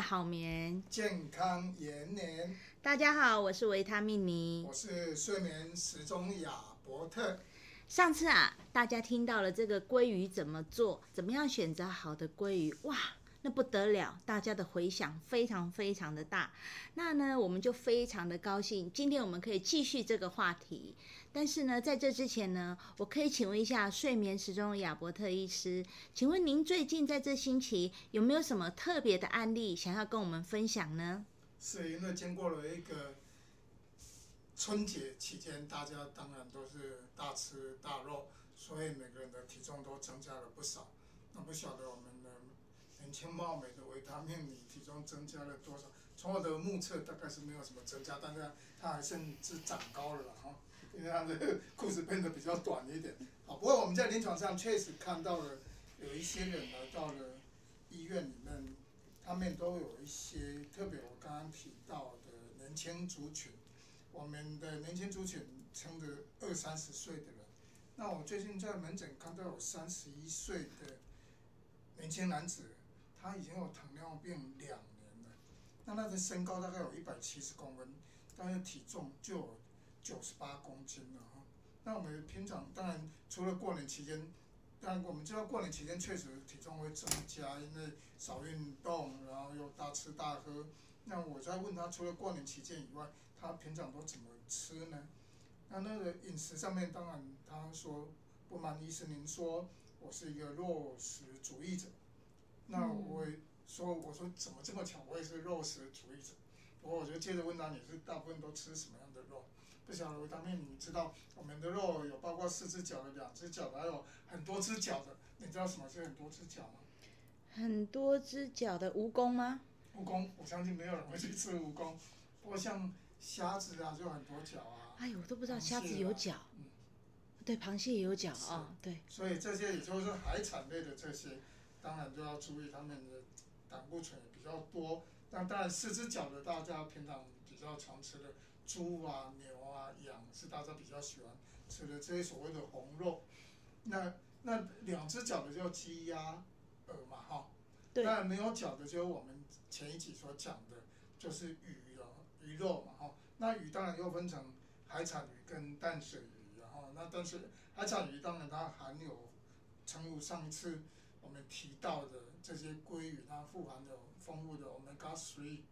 好眠，健康延年。大家好，我是維他命妮，我是睡眠時鐘亞伯特。上次啊，大家聽到了這個鮭魚怎麼做，怎麼樣選擇好的鮭魚？哇！那不得了，大家的回響非常非常的大。那呢，我們就非常的高興，今天我們可以繼續這個話題。但是呢，在這之前呢，我可以請問一下睡眠時鐘的亞伯特醫師，請問您最近在這星期有沒有什麼特別的案例想要跟我們分享呢？是因為經過了一個春節期間，大家當然都是大吃大肉，所以每個人的體重都增加了不少。那不曉得我們。年輕貌美的維他命，你體重增加了多少？從我的目測大概是沒有什麼增加，但是他還甚至長高了啊，因為他的褲子變得比較短一點。好，不過我們在臨床上確實看到了有一些人來到了醫院裡面，他們都有一些，特別我剛剛提到的年輕族群，我們的年輕族群，甚至二三十歲的人。那我最近在門診看到有三十一歲的年輕男子。他已經有糖尿病兩年了，那他的身高大概有一百七十公分，但是體重就有九十八公斤了。那我們平常當然除了過年期間，當然我們知道過年期間確實體重會增加，因為少運動，然後又大吃大喝。那我在問他，除了過年期間以外，他平常都怎麼吃呢？那那個飲食上面，當然他說不瞞醫生，您說我是一個肉食主義者。嗯、那我說，我說怎麼這麼巧，我也是肉食主義者。不過我就接着問到、啊、你是大部分都吃什麼樣的肉？不曉得我當面，你知道我們的肉有包括四隻腳的、兩隻腳的，還有很多隻腳的。你知道什麼是很多隻腳嗎？很多隻腳的蜈蚣嗎？蜈蚣，我相信沒有人會去吃蜈蚣。不過像蝦子啊，就很多腳啊。哎呦，我都不知道蝦子有腳、啊嗯。對，螃蟹也有腳啊、哦。對。所以這些也就是海產類的這些。當然就要注意它們的膽固醇也比較多。那當然四隻腳的大家平常比較常吃的豬啊、牛啊、羊是大家比較喜歡吃的這些所謂的紅肉。那那兩隻腳的叫雞鴨鵝嘛哈。對。當然沒有腳的就是我們前一集所講的，就是魚了、啊，魚肉嘛哈。那魚當然又分成海產魚跟淡水魚然、啊、後那但是海產魚當然它含有，成如上一次。我們提到的這些鮭魚，它富含的豐富的 Omega 3 e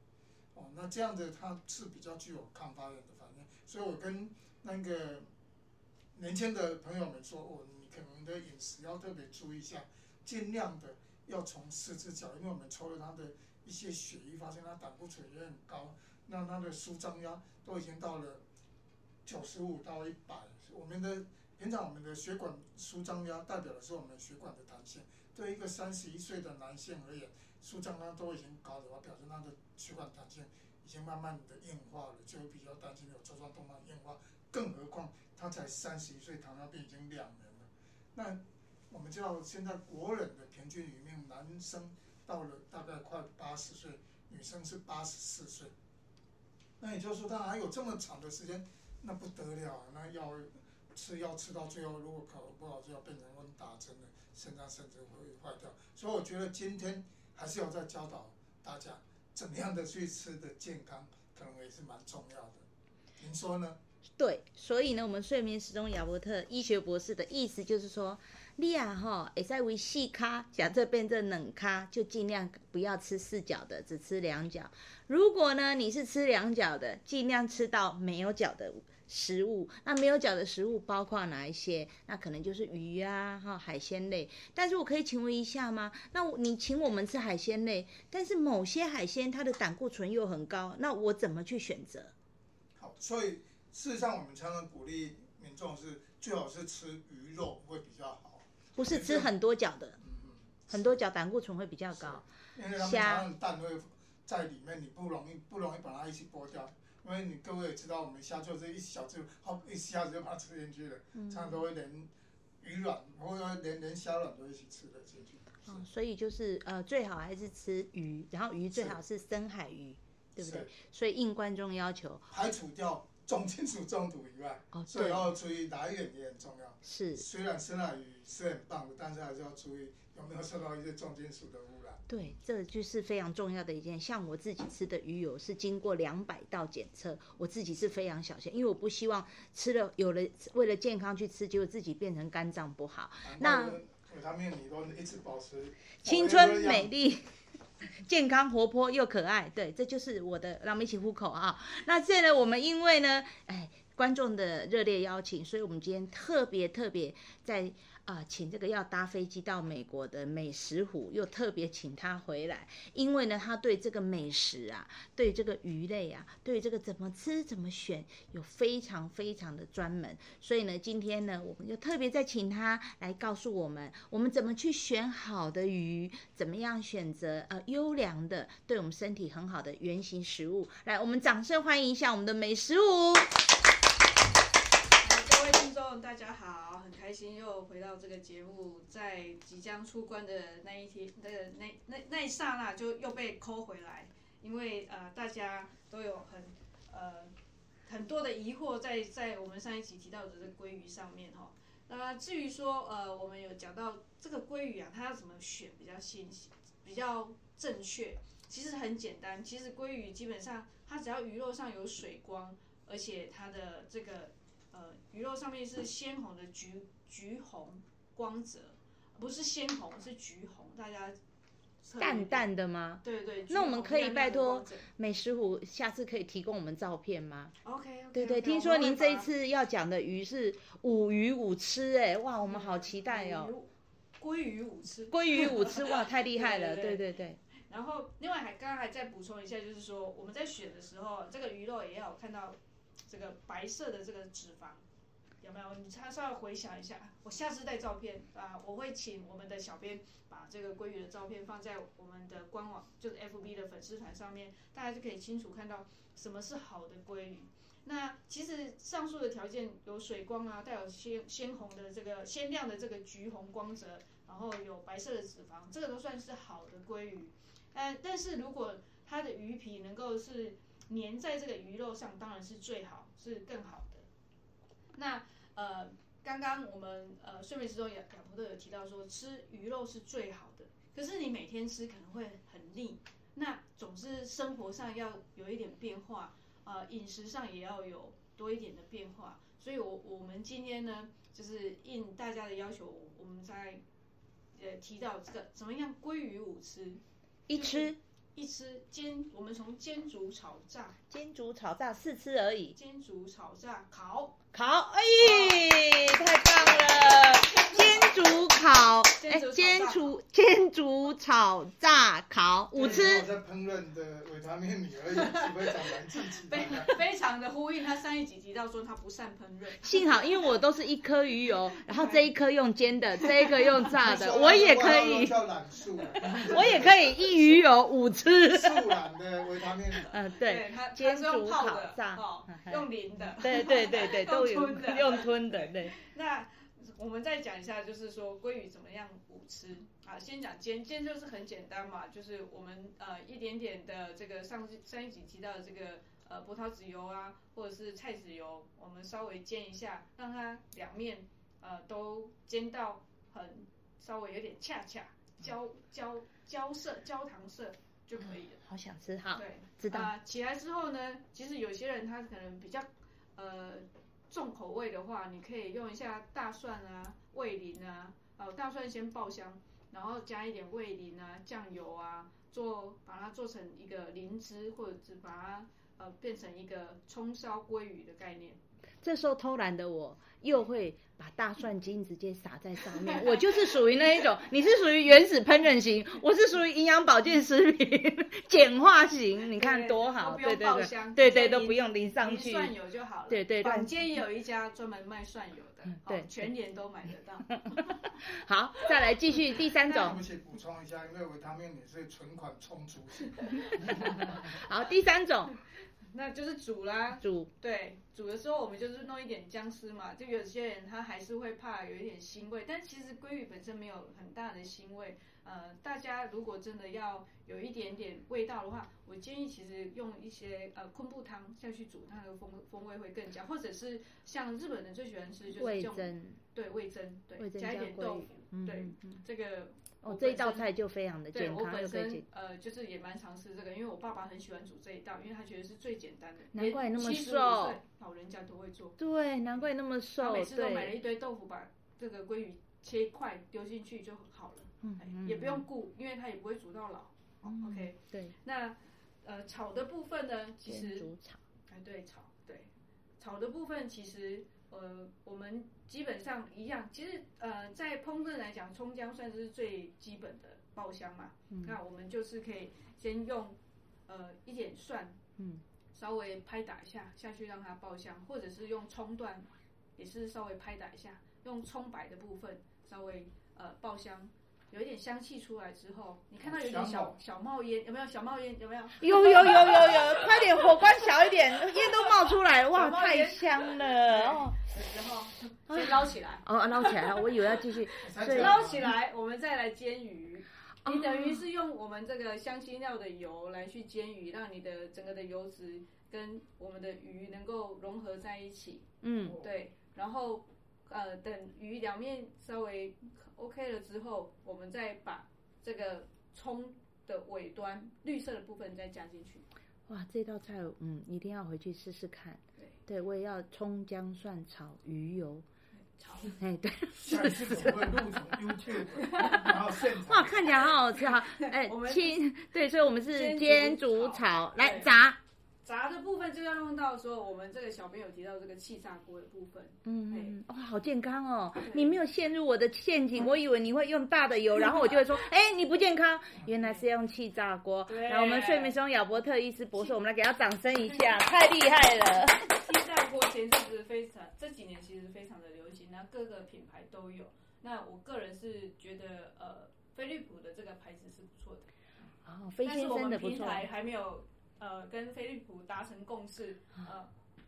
哦，那這樣子它是比較具有抗發炎的反應。所以我跟那個年輕的朋友們說，我、哦，你可能你的飲食要特別注意一下，盡量的要從四只腳，因為我們抽了它的一些血液，發現它膽固醇也很高，那它的舒張壓都已經到了九十五到一百。我們的平常我們的血管舒張壓代表的是我們血管的彈性。對一個三十一歲的男性而言，舒張壓呢都已經高的話，表示他的血管彈性已經慢慢的硬化了，就比較擔心有粥狀動脈硬化。更何況他才三十一歲，糖尿病已經兩年了。那我們知道現在國人的平均餘命，男生到了大概快八十歲，女生是八十四歲。那也就是說他還有這麼長的時間，那不得了、啊，那要吃藥吃到最後，如果搞不好就要變成打針了。腎臟甚至會壞掉，所以我覺得今天還是要再教導大家怎麼樣的去吃的健康，可能也是蠻重要的。您說呢？對，所以呢，我們睡眠時鐘亞伯特醫學博士的意思就是說，你亞哈也在微細咖，假設變成冷咖，就儘量不要吃四腳的，只吃兩腳。如果呢，你是吃兩腳的，儘量吃到沒有腳的。食物，那沒有腳的食物包括哪一些？那可能就是魚啊，哈、哦，海鮮類。但是我可以請問一下嗎？那你請我們吃海鮮類，但是某些海鮮它的膽固醇又很高，那我怎麼去選擇？好，所以事實上我們常常鼓勵民眾是最好是吃魚肉會比較好，不是吃很多腳的，嗯，很多腳膽固醇會比較高。蝦，它的蛋會在裡面，你不容易不容易把它一起剝掉，因為你各位也知道，我們蝦就這一小只，好一下子就把它吃進去了，差不多連魚卵，或者說連連蝦卵都一起吃了進去、嗯。嗯、所以就是呃，最好還是吃魚，然後魚最好是深海魚，對不對？所以應觀眾要求，排除掉。重金屬中毒以外，哦，所以要注意來源也很重要。是，雖然吃辣魚是很棒的，但是還是要注意有沒有受到一些重金屬的污染。對，這就是非常重要的一件。像我自己吃的魚油是經過兩百道檢測，我自己是非常小心，因為我不希望吃了有了為了健康去吃，結果自己變成肝臟不好。那他面你都一直保持青春美麗。 健康活潑又可愛，對，這就是我的。讓我們一起呼口啊！那現在呢，我們因為呢，哎，觀眾的熱烈邀請，所以我們今天特別特別在。啊、呃，請這個要搭飛機到美國的美食虎，又特別請他回來，因為呢，他對這個美食啊，對這個魚類啊，對這個怎麼吃、怎麼選，有非常非常的專門。所以呢，今天呢，我們就特別再請他來告訴我們，我們怎麼去選好的魚，怎麼樣選擇呃優良的、對我們身體很好的原型食物。來，我們掌聲歡迎一下我們的美食虎。大家好，很開心又回到這個節目，在即將出關的那一天的那那那一剎那，就又被摳回來，因為呃大家都有很呃很多的疑惑在在我們上一集提到的這個鮭魚上面哈。那至於說呃我們有講到這個鮭魚啊，它要怎麼選比較新鮮、比較正確？其實很簡單，其實鮭魚基本上它只要魚肉上有水光，而且它的這個。呃、魚肉上面是鮮紅的橘橘紅光澤，不是鮮紅，是橘紅。大家淡淡的嗎？對對。那我們可以拜托亮亮美師傅下次可以提供我們照片嗎？OK, okay。對對，okay, 聽說您這一次要講的魚是五魚五吃、欸，哎、嗯，哇，我們好期待哦、嗯。鮭魚五吃，鮭魚五吃，哇，太厲害了， 對,對,對,對,對對對。然後，另外還剛,剛還再補充一下，就是說我們在選的時候，這個魚肉也要有看到。這個白色的這個脂肪有沒有？你稍稍回想一下。我下次帶照片啊，我會請我們的小編把這個鮭魚的照片放在我們的官網，就是 FB 的粉絲團上面，大家就可以清楚看到什麼是好的鮭魚。那其實上述的條件有水光啊，帶有鮮鮮紅的這個鮮亮的這個橘紅光澤，然後有白色的脂肪，這個都算是好的鮭魚。但、呃、但是如果它的魚皮能夠是粘在這個魚肉上當然是最好，是更好的。那呃，剛剛我們呃睡眠時說雅雅博有提到說吃魚肉是最好的，可是你每天吃可能會很膩，那總是生活上要有一點變化，呃，飲食上也要有多一點的變化。所以我，我我們今天呢，就是應大家的要求，我們在呃提到這個怎麼樣鮭魚五吃、就是、一吃。一吃煎，我們從煎煮炒炸，煎煮炒炸四吃而已。煎煮炒炸，烤，烤，哎、欸，太棒了。煎煮烤，哎，煎煮煎煮炒炸、欸、煮煮炒炸，煮炒炸烤五吃。嗯米米 非常啊、 非常的呼應，他上一集提到說他不善烹飪。幸好，因為我都是一顆魚油， 然後這一顆用煎的， 這一顆用煎的 一個用炸的， 我也可以。 我也可以一魚油五吃。素的嗯、啊，對，煎煮炒炸，哦哦、用淋的。對對對對，都 用吞的 用吞的，對。那。我們再講一下，就是說鮭魚怎麼樣補吃啊？先講煎，煎就是很簡單嘛，就是我們呃一點點的這個上上一集提到的這個呃葡萄籽油啊，或者是菜籽油，我們稍微煎一下，讓它兩面呃都煎到很稍微有點恰恰焦焦焦色焦糖色就可以了。嗯、好想吃哈！對，知道啊。起來之後呢，其實有些人他可能比較呃。重口味的話，你可以用一下大蒜啊、味淋啊，呃，大蒜先爆香，然後加一點味淋啊、醬油啊，做把它做成一個淋汁，或者是把它呃變成一個蔥燒鮭魚的概念。這時候偷懶的我，又會把大蒜精直接撒在上面。我就是屬於那一種，你是屬於原始烹飪型，我是屬於營養保健食品簡化型。你看多好，對對對對對，對，都對，對，對，都不用淋上去，蒜油就好了。對對對，對，坊間有一家專門賣蒜油的，對，對，對，全年都買得到。 好，再來繼續第三種。嗯嗯嗯、我們先補充一下，因為維他命你是存款充足型。 好，第三種。那就是煮啦，煮，對，煮的時候，我們就是弄一點薑絲嘛。就有些人他還是會怕有一點腥味，但其實鮭魚本身沒有很大的腥味。呃，大家如果真的要有一點點味道的話，我建議其實用一些呃昆布湯下去煮，它那個風風味會更佳。或者是像日本人最喜歡吃就是這種，對味噌，對，味噌對味噌加一點豆腐，嗯、對、嗯嗯嗯、這個。我、哦、這一道菜就非常的簡單，對，我本身呃就是也蠻常吃這個，因為我爸爸很喜歡煮這一道，因為他覺得是最簡單的，難怪那麼瘦，歲老人家都會做，對，難怪那麼瘦，他每次都買了一堆豆腐，把這個鮭魚切塊丟進去就好了，嗯，嗯也不用顧、嗯，因為它也不會煮到老、嗯、，OK，對，那呃炒的部分呢，其實煮炒，對，炒對，炒的部分其實呃我們。基本上一樣，其實呃，在烹飪來講，蔥薑算是最基本的爆香嘛，嗯。那我們就是可以先用，呃，一點蒜，嗯，稍微拍打一下下去讓它爆香，或者是用蔥段，也是稍微拍打一下，用蔥白的部分稍微呃爆香。有一點香氣出來之後，你看到有點小小冒煙，有沒有小冒煙？有沒有？有有有有有， 有有有有有有快點火關小一點，煙都冒出來，哇，太香了！然後、哦、先撈起來。哦，撈起來，我以為要繼續撈。撈起來，我們再來煎魚。嗯、你等於是用我們這個香辛料的油來去煎魚，讓你的整個的油脂跟我們的魚能夠融合在一起。嗯，對。然後，呃，等魚兩面稍微。OK 了之後，我們再把這個蔥的尾端、嗯、綠色的部分再加進去。哇，這道菜嗯，一定要回去試試看對。對，我也要蔥薑蒜炒魚油。炒，哎、欸、對我 YouTube。 哇，看起來好好吃哈！哎，親、欸、 對，所以我們是煎炒、煮、炒來炸。炸的部分就要用到說我們這個小朋友提到這個氣炸鍋的部分，嗯哇、哦，好健康哦！你沒有陷入我的陷阱，嗯、我以為你會用大的油，然後我就會說，哎，你不健康，原來是用氣炸鍋。然後我們睡眠中亞伯特醫師博士，我們來給他掌聲一下，太厲害了！氣炸鍋其實是非常這幾年其實非常的流行，那各個品牌都有。那我個人是覺得，呃，飛利浦的這個牌子是不錯的。啊、哦，飛先生的品牌還沒有。呃，跟飛利浦達成共識，呃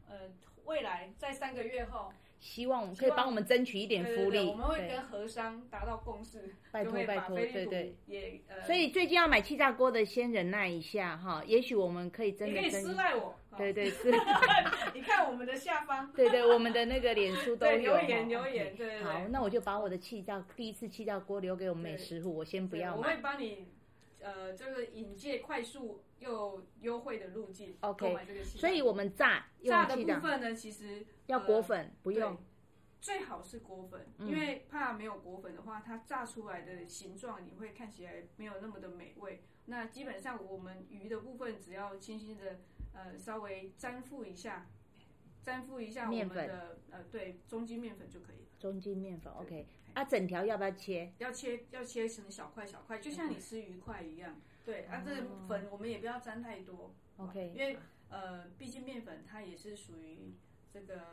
呃，未來在三個月後，希望，希望可以幫我們爭取一點福利。對對對對，我們會跟和商達到共識，拜托拜托，對對也、呃。所以最近要買氣炸鍋的，先忍耐一下哈，也許我們可以爭取。你可以私賴我，對對 你看我們的下方， 對對，我們的那個臉書都有。留有留對，眼眼，okay, 對，對，對，對好，那我就把我的氣炸第一次氣炸鍋留給我們美食戶，我先不要買。我會幫你。呃，就是引介快速又優惠的路徑，OK，這個。所以，我們炸炸的部分呢，其實要裹粉、呃，不用，最好是裹粉、嗯，因為怕沒有裹粉的話，它炸出來的形狀你會看起來沒有那麼的美味。那基本上我們魚的部分，只要輕輕的呃稍微沾附一下，沾附一下我們的麵粉呃對中筋麵粉就可以了，中筋麵粉。OK。啊，整條要不要切？要切，要切成小塊小塊，okay. 就像你吃魚塊一樣。對，oh. 啊，這粉我們也不要沾太多，OK。因為呃，畢竟麵粉它也是屬於這個、oh.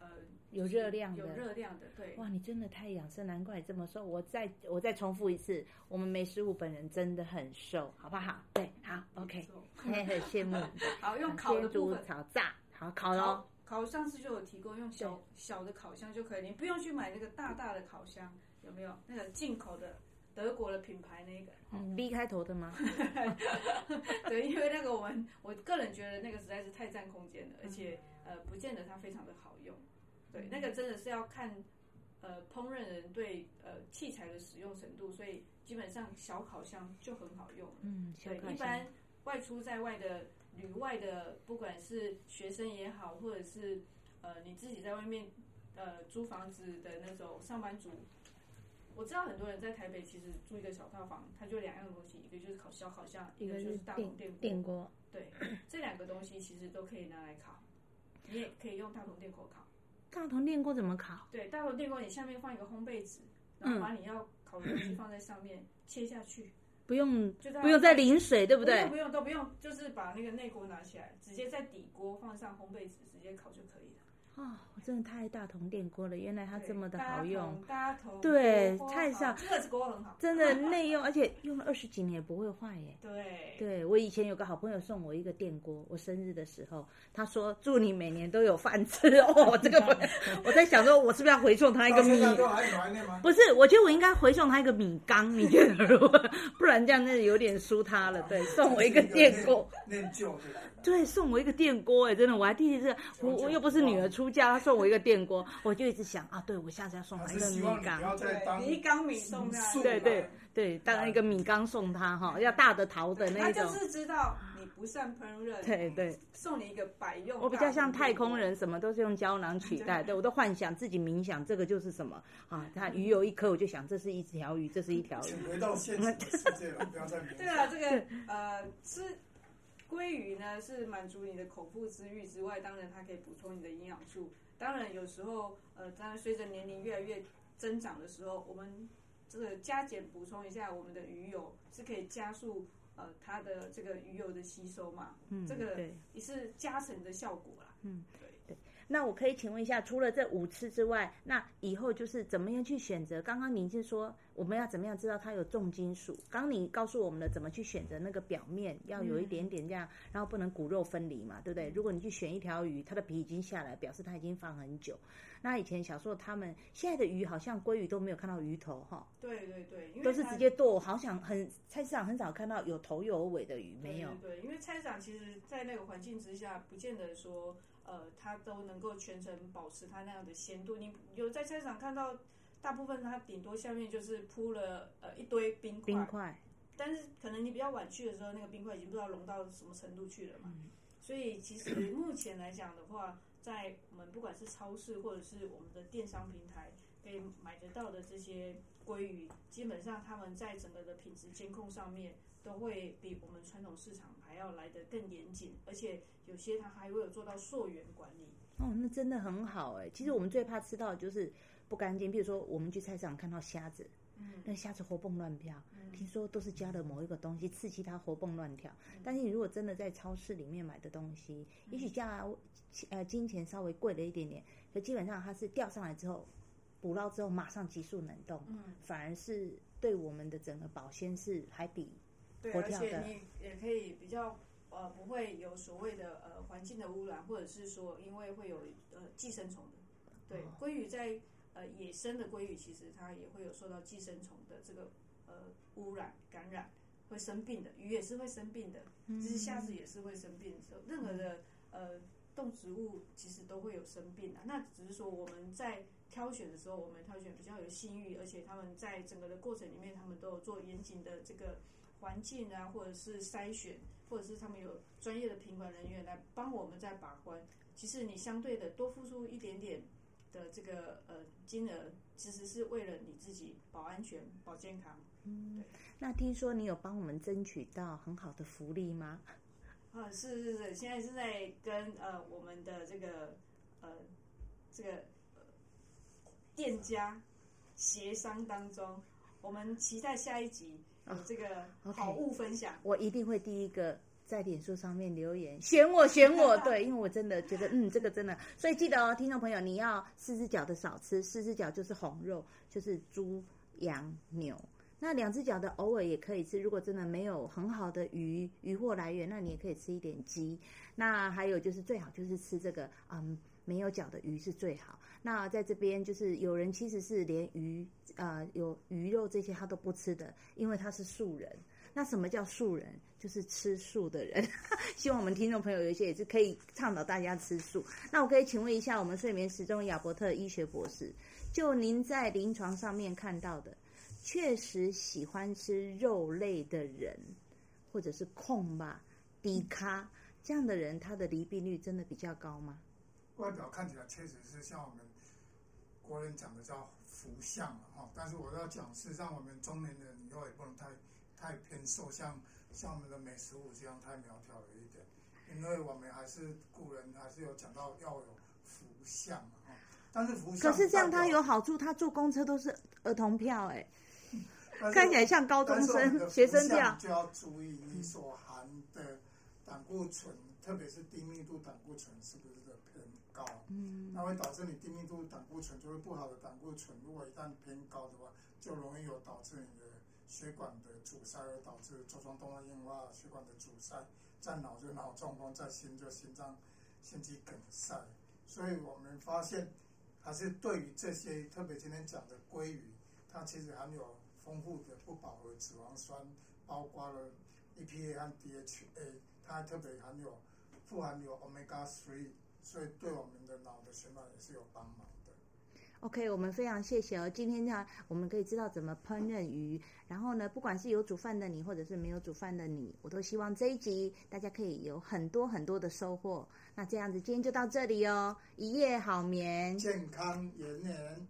呃有熱量，有熱量，量的。對，哇，你真的太養生，難怪你這麼瘦。我再我再重複一次，我們梅師傅本人真的很瘦，好不好？對，好，OK。我也很羨慕。好，用烤的煮炒炸，好烤咯好烤上次就有提過用小小的烤箱就可以，你不用去買那個大大的烤箱，有沒有那個進口的德國的品牌那個？B 開頭的嗎？嗯、 對，因為那個我們我個人覺得那個實在是太占空間了，而且呃不見得它非常的好用。對，那個真的是要看呃烹飪人對呃器材的使用程度，所以基本上小烤箱就很好用。嗯，對一般外出在外的。旅外的不管是學生也好，或者是呃你自己在外面呃租房子的那種上班族，我知道很多人在台北其實住一個小套房，它就兩樣東西，一個就是烤箱烤箱，一個就是大同電電鍋。對，這兩個東西其實都可以拿來烤，你也可以用大同電鍋烤。大同電鍋怎麼烤？對，大同電鍋你下面放一個烘焙紙，然後把、啊、你要烤的東西放在上面，嗯、切下去。不用，不用再淋水，不用淋水對不對？不用都不用，都不用，就是把那個內鍋拿起來，直接在底鍋放上烘焙紙，直接烤就可以了。哦，我真的太大同電鍋了，原來它這麼的好用，對，大同對太上，真的耐用，哈哈哈哈，而且用了二十幾年也不會壞耶。對，對我以前有個好朋友送我一個電鍋，我生日的時候，他說祝你每年都有飯吃哦。這個我，我在想說，我是不是要回送他一個米？不是，我覺得我應該回送他一個米缸，你覺得？不然這樣真的有點輸他了。對，送我一個電鍋，對，送我一個電鍋，哎，真的，我還第一次，我我又不是女兒出。出家他送我一個電鍋， 我就一直想啊，對我下次要送他一個米缸，你一缸米送他，嗯、送他對對對、啊，當一個米缸送他哈，要大的陶的那種。他就是知道你不善烹飪。對對、嗯。送你一個百用。我比較像太空人，什麼都是用膠囊取代。對，對我都幻想自己冥想，這個就是什麼啊？他魚有一顆，我就想這是一條魚，這是一條魚。回到現實的世界了， 不要再。 對啊，這個呃吃。鮭魚呢，是滿足你的口腹之欲之外，當然它可以補充你的營養素。當然有時候，呃，當然隨着年齡越來越增長的時候，我們這個加減補充一下我們的魚油，是可以加速呃它的這個魚油的吸收嘛。嗯，這個也是加成的效果啦。嗯，對。那我可以請問一下，除了這五次之外，那以後就是怎麼樣去選擇？剛剛您是說我們要怎麼樣知道它有重金屬？剛你告訴我們的怎麼去選擇那個表面要有一點點這樣、嗯，然後不能骨肉分離嘛，對不對、嗯？如果你去選一條魚，它的皮已經下來，表示它已經放很久。那以前小時候他們現在的魚好像鮭魚都沒有看到魚頭哈。對對對因為，都是直接剁。好想很菜市場很少看到有頭有尾的魚，對對對沒有。對，因為菜市場其實在那個環境之下，不見得說。呃，它都能夠全程保持它那樣的鮮度。你有在菜市場看到，大部分它頂多下面就是鋪了呃一堆冰塊，冰塊，但是可能你比較晚去的時候，那個冰塊已經不知道融到什麼程度去了嘛。嗯。所以其實目前來講的話，在我們不管是超市或者是我們的電商平台。可以買得到的這些鮭魚，基本上他們在整個的品質監控上面都會比我們傳統市場還要來得更嚴謹，而且有些它還會有做到溯源管理。哦，那真的很好哎、欸！其實我們最怕吃到的就是不乾淨，比如說我們去菜市場看到蝦子，嗯、那蝦子活蹦亂跳、嗯，聽說都是加了某一個東西刺激它活蹦亂跳、嗯。但是你如果真的在超市裡面買的東西，也許價呃金錢稍微貴了一點點，嗯、可基本上它是釣上來之後。捕撈之後馬上急速冷凍、嗯,反而是對我們的整個保鮮是還比活跳的，對而且你也可以比較呃不會有所謂的呃環境的污染，或者是說因為會有呃寄生蟲的。對，哦、鮭魚在呃野生的鮭魚其實它也會有受到寄生蟲的這個呃污染感染，會生病的魚也是會生病的，就是下次也是會生病的，嗯嗯任何的呃動植物其實都會有生病的，那只是說我們在。挑選的時候，我們挑選比較有信譽，而且他們在整個的過程裡面，他們都有做嚴謹的這個環境啊，或者是篩選，或者是他們有專業的品管人員來幫我們在把關。其實你相對的多付出一點點的這個呃金額，其實是為了你自己保安全、保健康。嗯，對。那聽說你有幫我們爭取到很好的福利嗎？啊、嗯，是是是，現在是在跟呃我們的這個呃這個。店家協商當中，我們期待下一集有這個好物分享。Oh, okay. 我一定會第一個在臉書上面留言，選我，選我。 對，因為我真的覺得，嗯， 這個真的。所以記得哦，聽眾朋友，你要四隻腳的少吃，四隻腳就是紅肉，就是豬、羊、牛。那兩隻腳的偶爾也可以吃，如果真的沒有很好的魚魚貨來源，那你也可以吃一點雞。那還有就是最好就是吃這個，嗯。沒有腳的魚是最好。那在這邊，就是有人其實是連魚啊、呃，有魚肉這些他都不吃的，因為他是素人。那什麼叫素人？就是吃素的人。 希望我們聽眾朋友有一些也是可以倡導大家吃素。那我可以請問一下，我們睡眠時鐘亞伯特醫學博士，就您在臨床上面看到的，確實喜歡吃肉類的人，或者是控吧、低卡，這樣的人，他的罹病率真的比較高嗎？外表看起來確實是像我們國人講的叫福相嘛，哈。但是我要講，事實上我們中年人以後也不能太太偏瘦，像像我們的美十五這樣太苗條了一點。因為我們還是古人還是有講到要有福相啊。哈。但是福相可是這樣，他有好處，他坐公車都是兒童票，誒， 看起來像高中生學生票。就要注意你所含的膽固醇，嗯、特別是低密度膽固醇是不是偏高，嗯，那會導致你低密度膽固醇，就是不好的膽固醇。如果一旦偏高的話，就容易有導致你的血管的阻塞，而導致粥狀動脈硬化，血管的阻塞，在腦就腦中風，在心就心臟心肌梗塞。所以我們發現，還是對於這些，特別今天講的鮭魚，它其實含有豐富的不飽和脂肪酸，包括了 EPA 和 DHA，它還特別含有富含有 Omega 3。所以對我們的腦的血管也是有幫忙的。OK，我們非常謝謝哦。今天呢，我們可以知道怎麼烹飪魚。然後呢，不管是有煮飯的你，或者是沒有煮飯的你，我都希望這一集大家可以有很多很多的收穫。那這樣子，今天就到這裡哦。一夜好眠，健康延年。